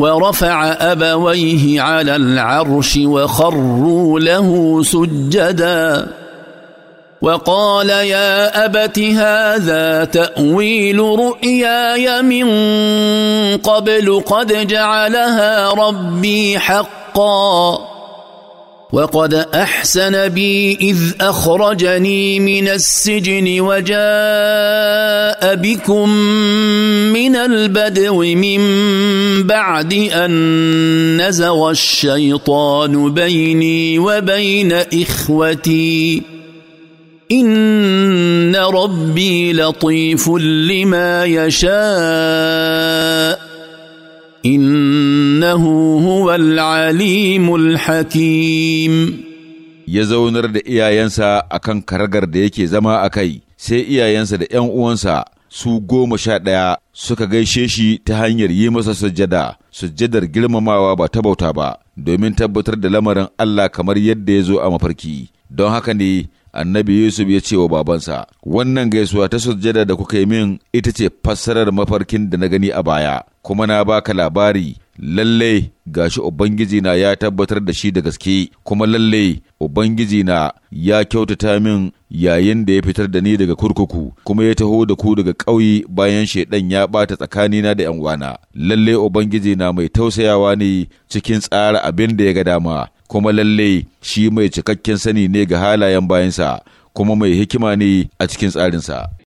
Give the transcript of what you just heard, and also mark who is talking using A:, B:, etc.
A: ورفع أبويه على العرش وخروا له سجدا وقال يا أبت هذا تأويل رؤياي من قبل قد جعلها ربي حقا وقد أحسن بي إذ أخرجني من السجن وجاء بكم من البدو من بعد ان نزغ الشيطان بيني وبين اخوتي ان ربي لطيف لما يشاء انه هو العليم الحكيم
B: يزونر دي إيا ينسى أكن كرغر دي yake zama sai iyayensa da ‘yan uwansa su goma sha ɗaya suka gaishe shi ta hanyar yi masa sujjada, sujjadar girmamawa ba ta bauta ba, domin tabbatar da lamarin Allah kamar yadda ya zo a mafarki. Don haka ne annabi Yusuf ya ce wa babansa, Wannan gaisuwa ta sujjada da kuka yi min ita ce fassarar mafarkin da na gani a baya, kuma na baka labari lalle gashi Ubangiji na ya tabbatar da shi da gaske kuma lalle Ubangiji na ya kyautata min yayin da ya fitar da ni daga kurkuku kuma ya taho da ku daga ƙauye bayan shaidan ya bata tsakanina da 'yan uwana lalle Ubangiji na mai tausayawa ne cikin tsara abin da ya ga dama kuma lalle shi mai cikakken sani ne ga halayen bayansa kuma mai hikima ne a cikin tsarinsa